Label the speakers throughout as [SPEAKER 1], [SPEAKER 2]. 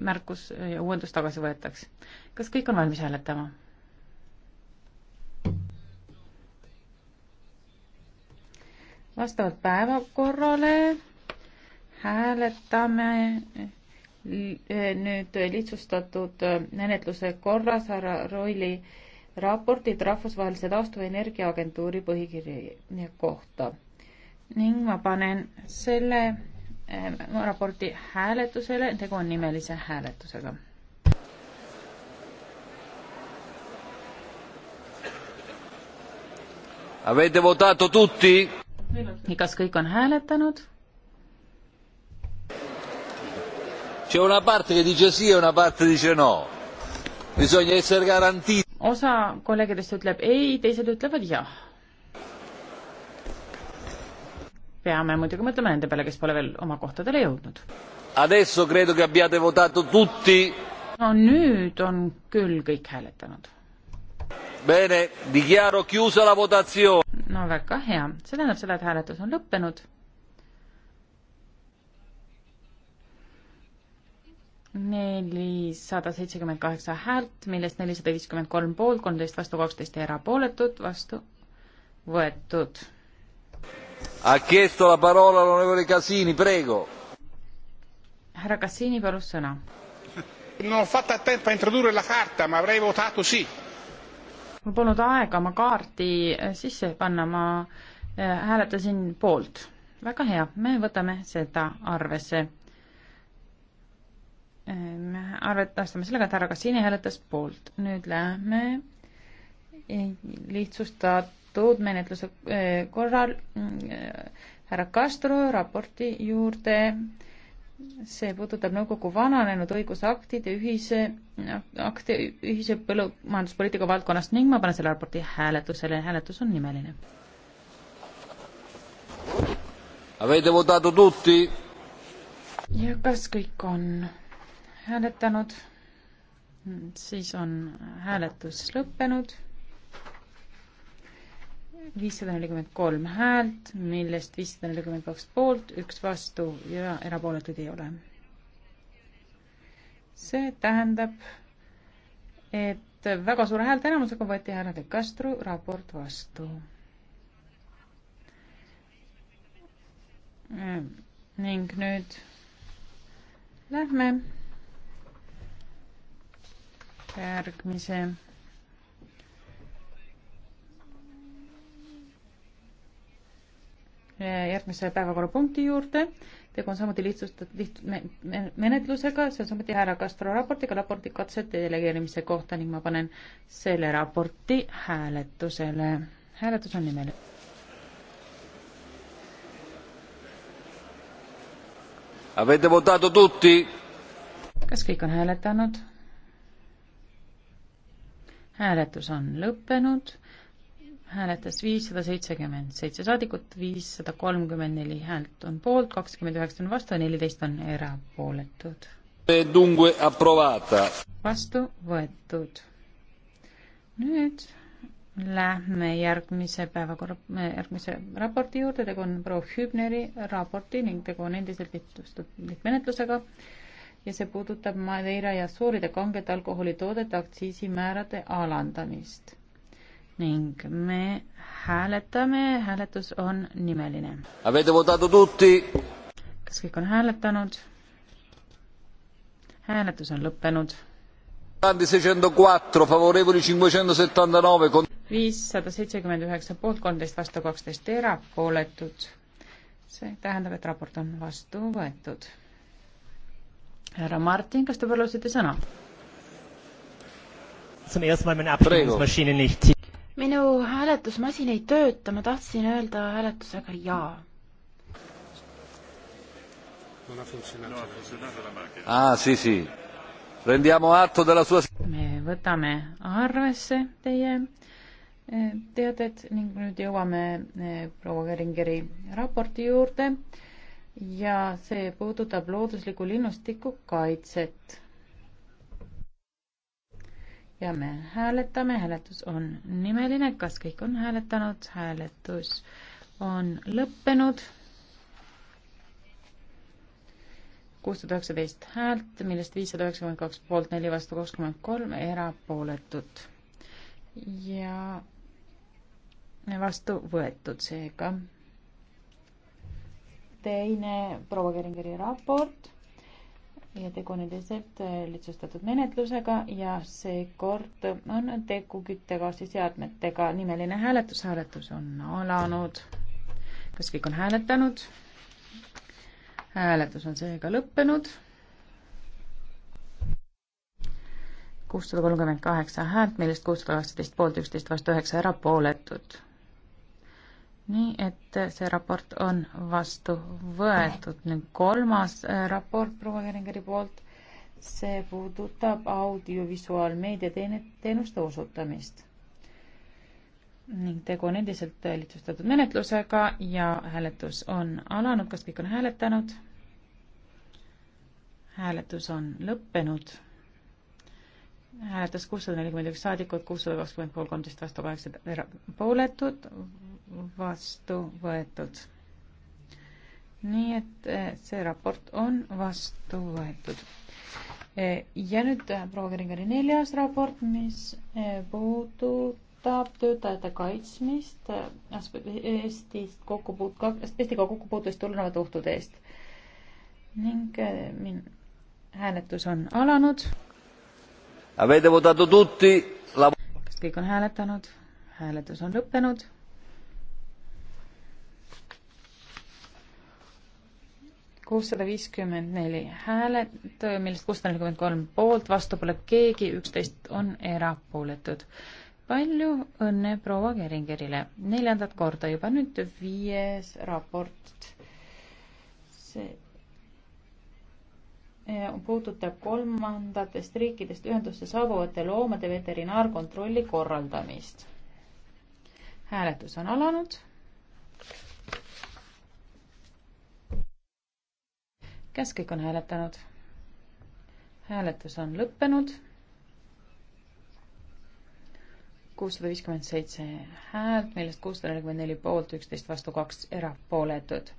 [SPEAKER 1] märkus ja uuendus tagasi võetaks. kas kõik on valmis hääletama? vastavalt päevakorrale hääletame nüüd lihtsustatud menetluse korras härra Roili raportit Rahvusvahelise taastuvenergia agentuuri põhikirja kohta ning ma panen selle Ehm, raporti hääletusele, tegu on nimelise hääletusega.
[SPEAKER 2] Avete votato tutti?
[SPEAKER 1] kas kõik on hääletanud?
[SPEAKER 2] C'è una parte che dice sì e una parte dice no. Bisogna essere garantiti.
[SPEAKER 1] osa kolleegidest ütleb ei, teised ütlevad jah peame muidugi mõtlema nende peale, kes pole veel oma kohtadele jõudnud. no nüüd on küll kõik hääletanud. no väga hea, see tähendab seda, et hääletus on lõppenud. nelisada seitsekümmend kaheksa häält, millest nelisada viiskümmend kolm poolt, kolmteist vastu, kaksteist erapooletut, vastu võetud
[SPEAKER 2] Ha chiesto la parola l'onorevole Casini, prego.
[SPEAKER 1] härra Cassini palus sõna. Non ho fatto a tempo a introdurre la carta, ma avrei votato sì. mul polnud aega oma kaarti eh, sisse panna, ma eh, hääletasin poolt. väga hea, me võtame seda arvesse. Eh, me arvestame sellega, et härra Kassini hääletas poolt. nüüd läheme lihtsustatud jõutud menetluse eh, korral mm, eh, härra Castro raporti juurde. see puudutab nõukogu vananenud õigusaktide ühise, akte, ühise põllumajanduspoliitika valdkonnast ning ma panen selle raporti hääletusele, hääletus on nimeline. ja kas kõik on hääletanud? siis on hääletus lõppenud viissada nelikümmend kolm häält, millest viissada nelikümmend kaks poolt, üks vastu ja erapooletuid ei ole. see tähendab, et väga suure häälteenamusega võeti härra De Castro raport vastu. ning nüüd lähme järgmise järgmise päevakorrapunkti juurde. tegu on samuti lihtsustatud liht, me, me, menetlusega, see on samuti härra Castro raportiga raporti katsete delegeerimise kohta ning ma panen selle raporti hääletusele. hääletus on nimeline.
[SPEAKER 2] Avete votato tutti?
[SPEAKER 1] kas kõik on hääletanud? hääletus on lõppenud hääletas viissada seitsekümmend seitse saadikut, viissada kolmkümmend neli häält on poolt, kakskümmend üheksa on vastu ja neliteist on erapooletud. E vastu võetud. nüüd lähme järgmise päevakorra, järgmise raporti juurde, tegu on proua Hübneri raporti ning tegu on endiselt lihtmenetlusega ja see puudutab Madeira ja Suuride kangete alkoholitoodete aktsiisimäärade alandamist ning me hääletame, hääletus on nimeline. kas kõik on hääletanud? hääletus on lõppenud. viissada seitsekümmend üheksa poolt, kolmteist vastu, kaksteist erapooletut. see tähendab, et raport on vastu võetud. härra Martin, kas te palusite sõna?
[SPEAKER 3] Zum ersten Mal meine Abstimmungsmaschine nicht
[SPEAKER 1] minu hääletusmasin ei tööta, ma tahtsin öelda hääletusega jaa.
[SPEAKER 2] Ah, sì, sì. Prendiamo atto della sua... me võtame
[SPEAKER 1] arvesse teie eh, teadet ning nüüd jõuame eh, proua Keringeri raporti juurde ja see puudutab loodusliku linnustiku kaitset ja me hääletame, hääletus on nimeline, kas kõik on hääletanud, hääletus on lõppenud. kuussada üheksateist häält, millest viissada üheksakümmend kaks poolt, neli vastu kakskümmend kolm erapooletut. ja vastu võetud seega. teine proua Keringeri raport ja tegu on üldiselt äh, lihtsustatud menetlusega ja seekord on tegu küttegaasiseadmetega. nimeline hääletus, hääletus on alanud. kas kõik on hääletanud? hääletus on seega lõppenud. kuussada kolmkümmend kaheksa häält, millest kuussada kaheksateist poolt, üksteist vastu üheksa erapooletut nii et see raport on vastu võetud. nüüd kolmas äh, raport proua Keringeri poolt, see puudutab audiovisuaalmeedia teenuste osutamist. ning tegu on endiselt lihtsustatud menetlusega ja hääletus on alanud, kas kõik on hääletanud? hääletus on lõppenud hääletas kuussada nelikümmend üks saadikut, kuussada kakskümmend pool, kolmteist vastu, kaheksa erapooletut, vastu võetud. nii et eh, see raport on vastu võetud. Eh, ja nüüd eh, proua Keringeri neljas raport, mis puudutab töötajate kaitsmist Eestist kokkupuut-, Eestiga kokkupuutest tulenevate ohtude eest. ning min-, hääletus on alanud
[SPEAKER 2] Avete votato tutti la...
[SPEAKER 1] kas kõik on hääletanud? hääletus on lõppenud. kuussada viiskümmend neli häälet, millest kuussada nelikümmend kolm poolt, vastu pole keegi, üksteist on erapooletud. palju õnne proua Keringerile, neljandat korda juba nüüd viies raport. see Eh, puudutab kolmandatest riikidest ühendusse saabuvate loomade veterinaarkontrolli korraldamist. hääletus on alanud. kas kõik on hääletanud? hääletus on lõppenud. kuussada viiskümmend seitse häält, millest kuussada nelikümmend neli poolt, üksteist vastu, kaks erapooletut.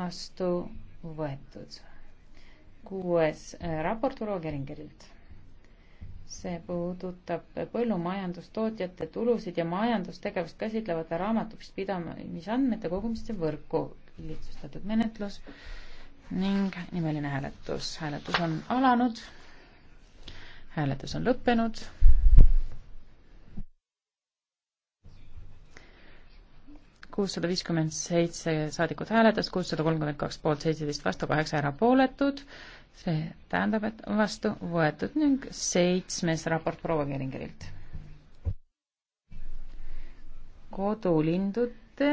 [SPEAKER 1] vastu võetud. kuues äh, raport Urvo Keringerilt. see puudutab põllumajandustootjate tulusid ja majandustegevust käsitlevate raamatupidamisandmete kogumiste võrku lihtsustatud menetlus ning nimeline hääletus. hääletus on alanud. hääletus on lõppenud kuussada viiskümmend seitse saadikut hääletas, kuussada kolmkümmend kaks poolt, seitseteist vastu, kaheksa erapooletut. see tähendab, et vastu võetud ning seitsmes raport proua Keringerilt. kodulindude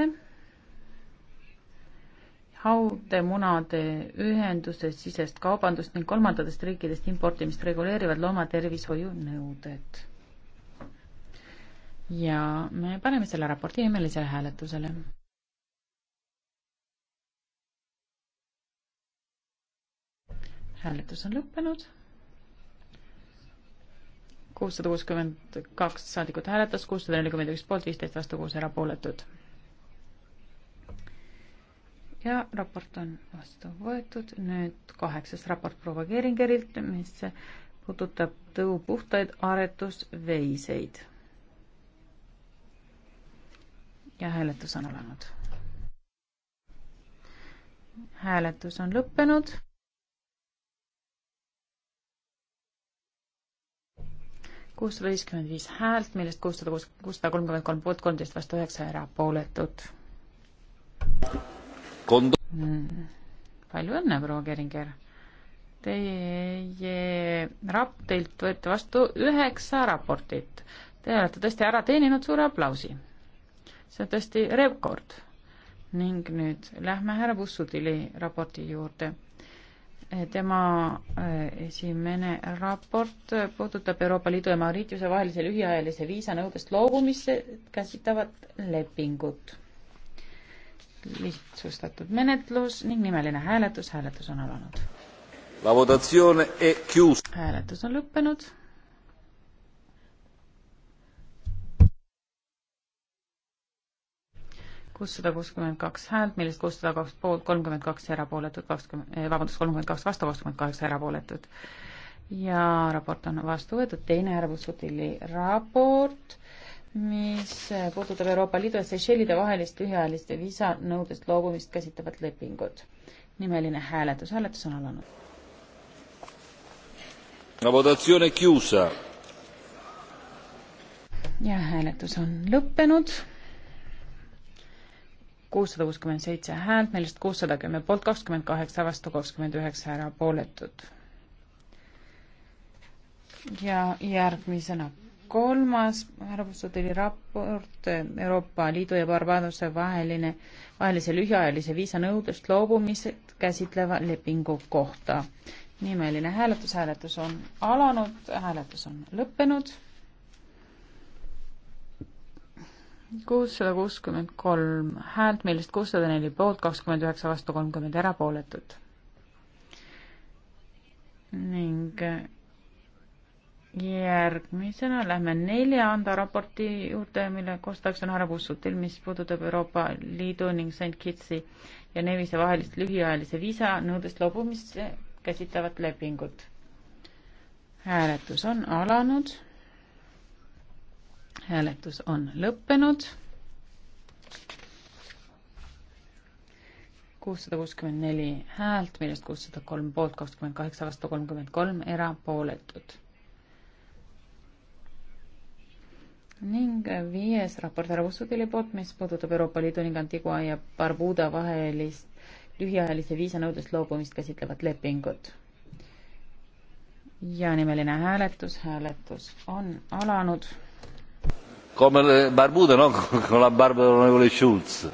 [SPEAKER 1] haudemunade ühenduse sisest kaubandust ning kolmandatest riikidest importimist reguleerivad loomatervishoiu nõuded ja me paneme selle raporti nimelisele hääletusele. hääletus on lõppenud. kuussada kuuskümmend kaks saadikut hääletas, kuussada nelikümmend üks poolt, viisteist vastu, kuus erapooletut. ja raport on vastu võetud, nüüd kaheksas raport proua Keringerilt, mis puudutab tõupuhtaid aretusveiseid ja hääletus on alanud. hääletus on lõppenud. kuussada viiskümmend viis häält, millest kuussada kuus, kuussada kolmkümmend kolm poolt, kolmteist vastu üheksa erapooletut.
[SPEAKER 2] Hmm,
[SPEAKER 1] palju õnne, proua Keringer. Teie rap-, teilt võeti vastu üheksa raportit. Te olete tõesti ära teeninud suure aplausi see on tõesti rekord. ning nüüd lähme härra Bussutili raporti juurde. tema äh, esimene raport puudutab Euroopa Liidu ja Mauritiuse vahelise lühiajalise viisanõudest loobumist käsitlevat lepingut. lihtsustatud menetlus ning nimeline hääletus, hääletus on alanud. hääletus on lõppenud kuussada kuuskümmend kaks häält, millest kuussada kaks poolt, kolmkümmend kaks erapooletut, kakskümmend, eh, vabandust, kolmkümmend kaks vastu, kakskümmend kaheksa erapooletut. ja raport on vastu võetud, teine Arvusutilli raport, mis eh, puudutab Euroopa Liidu ja Seychellide vahelist lühiajaliste viisanõudest loobumist käsitlevat lepingut. nimeline hääletus, hääletus on alanud. ja hääletus on lõppenud kuussada kuuskümmend seitse häält, millest kuussada kümme poolt, kakskümmend kaheksa vastu, kakskümmend üheksa erapooletut. ja järgmisena kolmas arvutusoteli raport Euroopa Liidu ja Barbadose vaheline, vahelise lühiajalise viisanõudest loobumised käsitleva lepingu kohta. nimeline hääletus, hääletus on alanud, hääletus on lõppenud kuussada kuuskümmend kolm häält, millest kuussada neli poolt, kakskümmend üheksa vastu, kolmkümmend erapooletut. ning äh, järgmisena lähme neljanda raporti juurde, mille koostajaks on härra Pussutil, mis puudutab Euroopa Liidu ning St Kitsi ja Nevise vahelist lühiajalise viisa nõudest loobumist käsitlevat lepingut. hääletus on alanud hääletus on lõppenud. kuussada kuuskümmend neli häält, millest kuussada kolm poolt, kakskümmend kaheksa vastu, kolmkümmend kolm erapooletut. ning viies raport härra Vussutili poolt, mis puudutab Euroopa Liidu ning Antigua ja Barbuda vahelist lühiajalise viisanõudest loobumist käsitlevat lepingut ja nimeline hääletus, hääletus on alanud
[SPEAKER 2] come barbuto no? con la barba dell'onorevole Schulz.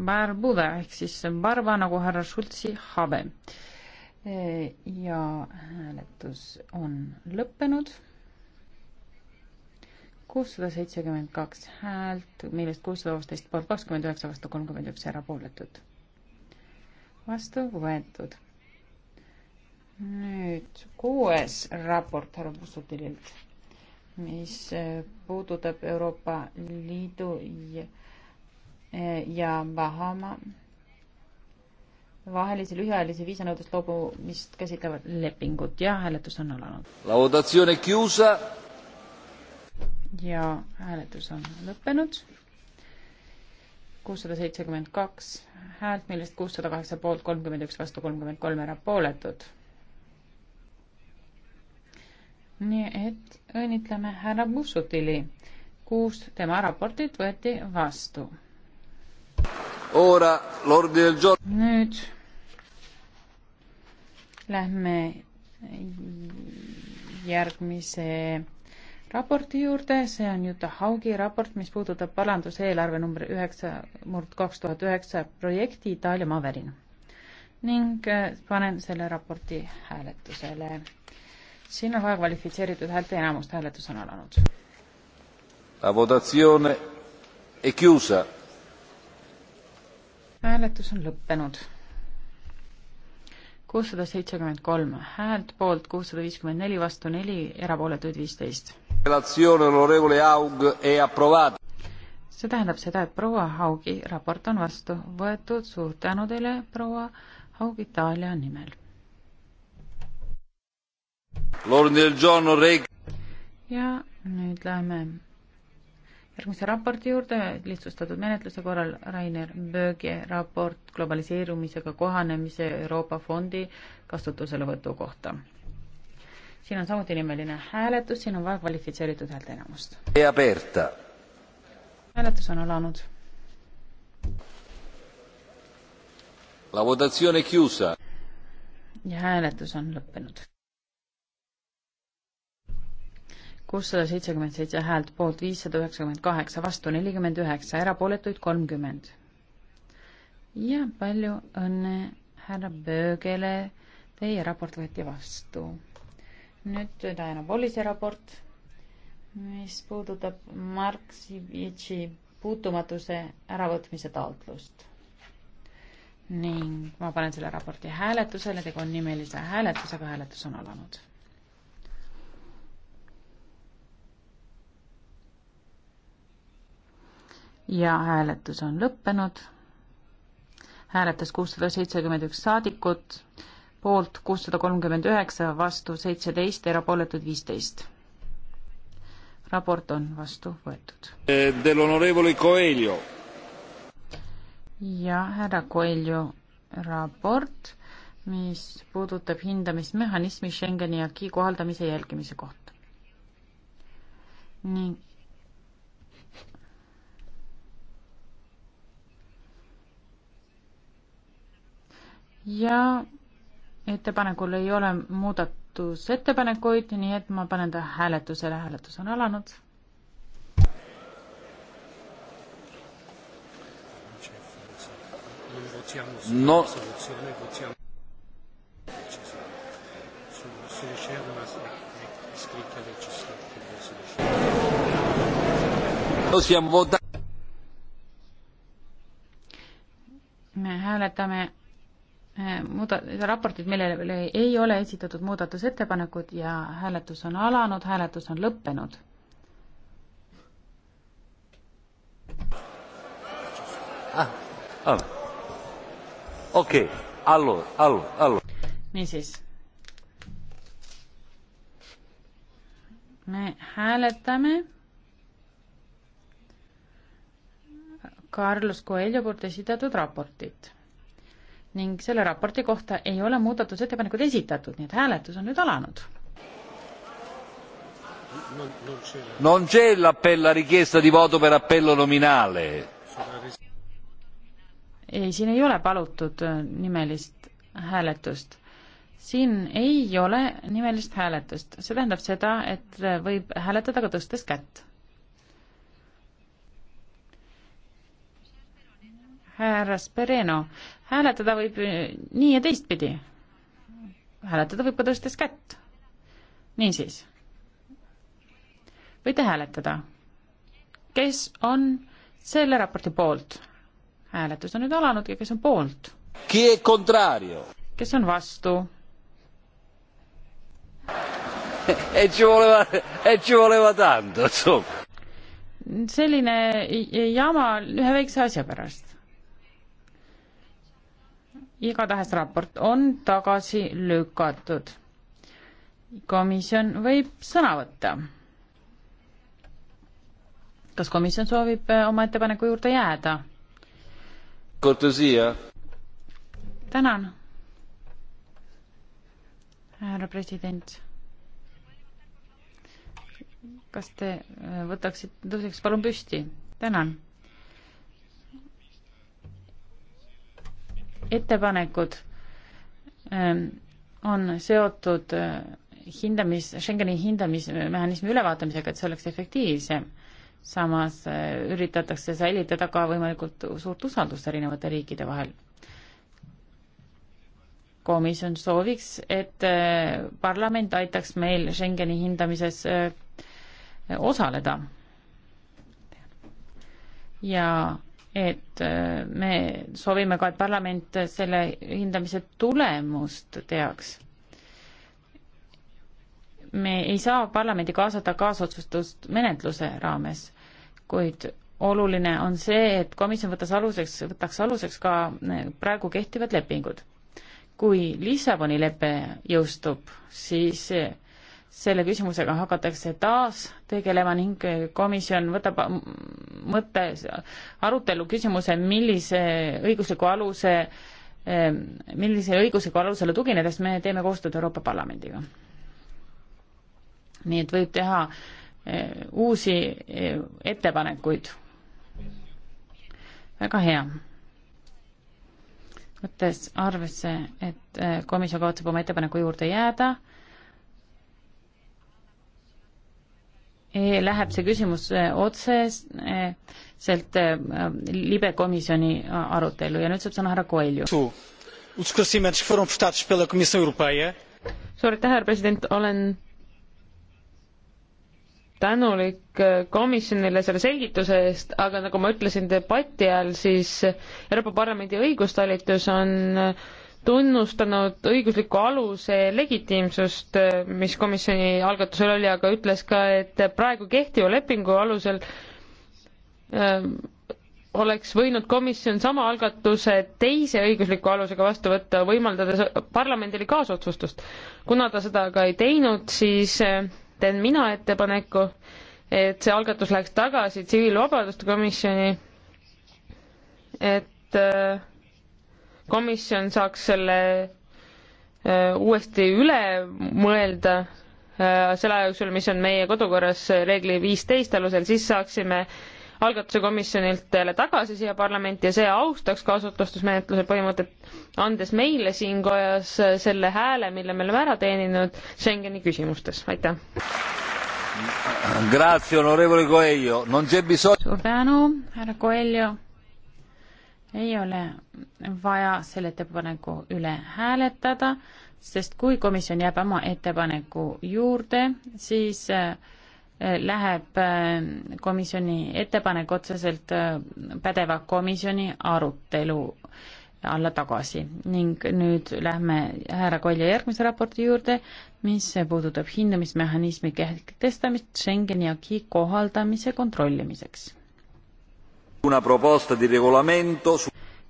[SPEAKER 1] Barbuda ehk siis barba nagu härra Schulzi habe. E, ja hääletus on lõppenud. kuussada seitsekümmend kaks häält, millest kuussada kaksteist poolt kakskümmend üheksa, vastu kolmkümmend üks erapooletut. vastu võetud nüüd kuues raport härra Pussutililt, mis äh, puudutab Euroopa Liidu ja, äh, ja Bahama vahelisi lühiajalisi viisanõudest loobumist käsitlevat lepingut ja hääletus on
[SPEAKER 2] alanud.
[SPEAKER 1] ja hääletus on lõppenud. kuussada seitsekümmend kaks häält, millest kuussada kaheksa poolt, kolmkümmend üks vastu, kolmkümmend kolm erapooletut nii et õnnitleme härra Bussutili, kus tema raportid võeti vastu. nüüd lähme järgmise raporti juurde, see on Juta Haugi raport, mis puudutab paranduseelarve number üheksa murd kaks tuhat üheksa projekti Itaalia maavärin. ning äh, panen selle raporti hääletusele siin on vaja kvalifitseeritud häälte enamust, hääletus on alanud.
[SPEAKER 2] La votazione è chiusa.
[SPEAKER 1] hääletus on lõppenud. kuussada seitsekümmend kolm häält poolt, kuussada viiskümmend neli vastu neli, erapooletuid viisteist. see tähendab seda, et proua Haugi raport on vastu võetud, suur tänu teile, proua Haug Itaalia nimel ja nüüd läheme järgmise raporti juurde, lihtsustatud menetluse korral Rainer Böögi raport globaliseerumisega kohanemise Euroopa Fondi kasutuselevõtu kohta. siin on samuti nimeline hääletus, siin on vaja kvalifitseeritud häälteenamust. hääletus on alanud. ja hääletus on lõppenud. kuussada seitsekümmend seitse häält poolt, viissada üheksakümmend kaheksa vastu, nelikümmend üheksa, erapooletuid kolmkümmend. ja palju õnne härra Böögele, teie raport võeti vastu. nüüd Diana Pollise raport, mis puudutab Mark Sivitši puutumatuse äravõtmise taotlust. ning ma panen selle raporti hääletusele, tegu on nimelise hääletusega, hääletus on alanud ja hääletus on lõppenud. hääletas kuussada seitsekümmend üks saadikut, poolt kuussada kolmkümmend üheksa, vastu seitseteist, erapooletud viisteist. raport on vastu võetud.
[SPEAKER 2] Del onorevole Coelho.
[SPEAKER 1] ja härra Coelho raport, mis puudutab hindamismehhanismi Schengeni aki kohaldamise jälgimise kohta. ning ja ettepanekul ei ole muudatusettepanekuid, nii et ma panen ta hääletusele, hääletus on alanud. no me hääletame Äh, muuda-, raportid, millele ei ole esitatud muudatusettepanekud ja hääletus on alanud, hääletus on lõppenud.
[SPEAKER 2] Ah. okei, allu, allu, allu.
[SPEAKER 1] niisiis. me hääletame Carlos Coelho poolt esitatud raportit ning selle raporti kohta ei ole muudatusettepanekuid esitatud, nii et hääletus on nüüd alanud.
[SPEAKER 2] Non c'è l'appello, la richiesta di voto per appello nominale.
[SPEAKER 1] ei, siin ei ole palutud äh, nimelist hääletust. siin ei ole nimelist hääletust, see tähendab seda, et äh, võib hääletada ka tõstes kätt härra Spereno, hääletada võib nii ja teistpidi. hääletada võib ka tõstes kätt. niisiis, võite hääletada, kes on selle raporti poolt. hääletus on nüüd alanud ja kes on poolt? kes on vastu? E e selline jama ühe väikse asja pärast igatahes raport on tagasi lükatud. komisjon võib sõna võtta. kas komisjon soovib eh, oma ettepaneku juurde jääda? tänan, härra president kas te eh, võtaksite, tõuseks palun püsti, tänan ettepanekud ähm, on seotud äh, hindamis, Schengeni hindamismehhanismi ülevaatamisega, et see oleks efektiivsem. samas äh, üritatakse säilitada ka võimalikult suurt usaldust erinevate riikide vahel. komisjon sooviks, et äh, parlament aitaks meil Schengeni hindamises osaleda. ja et äh, me soovime ka, et parlament selle hindamise tulemust teaks. me ei saa parlamendi kaasata kaasotsustust menetluse raames, kuid oluline on see, et komisjon võtas aluseks, võtaks aluseks ka äh, praegu kehtivad lepingud. kui Lissaboni lepe jõustub, siis äh, selle küsimusega hakatakse taas tegelema ning komisjon võtab mõtte arutelu küsimuse, millise õigusliku aluse, millisele õigusliku alusele tuginedes me teeme koostööd Euroopa Parlamendiga. nii et võib teha e, uusi e, ettepanekuid. väga hea võttes arvesse, et e, komisjon kavatseb oma ettepaneku juurde jääda, E läheb see küsimus e, otseselt e, libe komisjoni arutelu ja nüüd saab sõna härra Koelju.
[SPEAKER 3] suur aitäh, härra president, olen tänulik komisjonile selle selgituse eest, aga nagu ma ütlesin debati ajal, siis Euroopa Parlamendi õigustalitus on tunnustanud õigusliku aluse legitiimsust, mis komisjoni algatusel oli, aga ütles ka, et praegu kehtiva lepingu alusel öö, ähm, oleks võinud komisjon sama algatuse teise õigusliku alusega vastu võtta, võimaldades parlamendile kaasotsustust. kuna ta seda aga ei teinud, siis äh, teen mina ettepaneku, et see algatus läheks tagasi tsiviilvabaduste komisjoni, et äh, komisjon saaks selle äh, uuesti üle mõelda äh, selle aja jooksul, mis on meie kodukorras reegli viisteist alusel, siis saaksime algatuse komisjonilt jälle tagasi siia parlamenti ja see austaks kasutusmenetluse põhimõtet, andes meile siin kojas äh, selle hääle, mille me oleme ära teeninud Schengeni küsimustes, aitäh.
[SPEAKER 2] suur
[SPEAKER 1] tänu, härra Coelho ei ole vaja selle ettepaneku üle hääletada, sest kui komisjon jääb oma ettepaneku juurde, siis äh, läheb äh, komisjoni ettepanek otseselt äh, pädeva komisjoni arutelu alla tagasi ning nüüd lähme härra Kolja järgmise raporti juurde, mis puudutab hindamismehhanismi kehtestamist Schengeni aki kohaldamise kontrollimiseks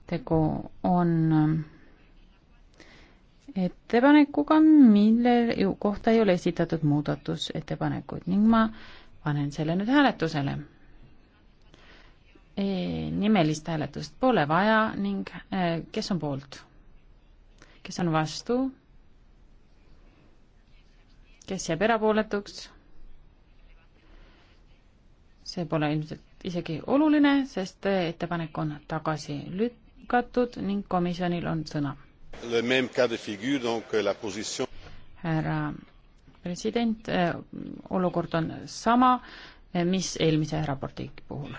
[SPEAKER 1] tegu on ähm, ettepanekuga, mille kohta ei ole esitatud muudatusettepanekuid ning ma panen selle nüüd hääletusele e,. nimelist hääletust pole vaja ning e, kes on poolt? kes on vastu? kes jääb erapooletuks? see pole ilmselt isegi oluline, sest ettepanek on tagasi lükatud ning komisjonil on sõna.
[SPEAKER 2] Euh,
[SPEAKER 1] härra president, äh, olukord on sama, äh, mis eelmise raporti puhul.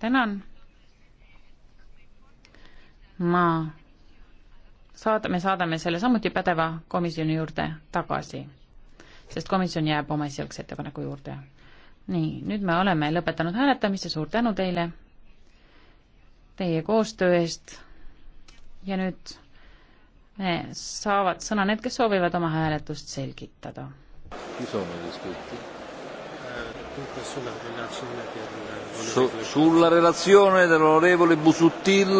[SPEAKER 1] tänan. ma saad-, me saadame selle samuti pädeva komisjoni juurde tagasi sest komisjon jääb oma esialgse ettepaneku juurde. nii, nüüd me oleme lõpetanud hääletamise, suur tänu teile teie koostöö eest ja nüüd saavad sõna need, kes soovivad oma hääletust selgitada.
[SPEAKER 2] sulla relatsioone dell'onorevole Busutil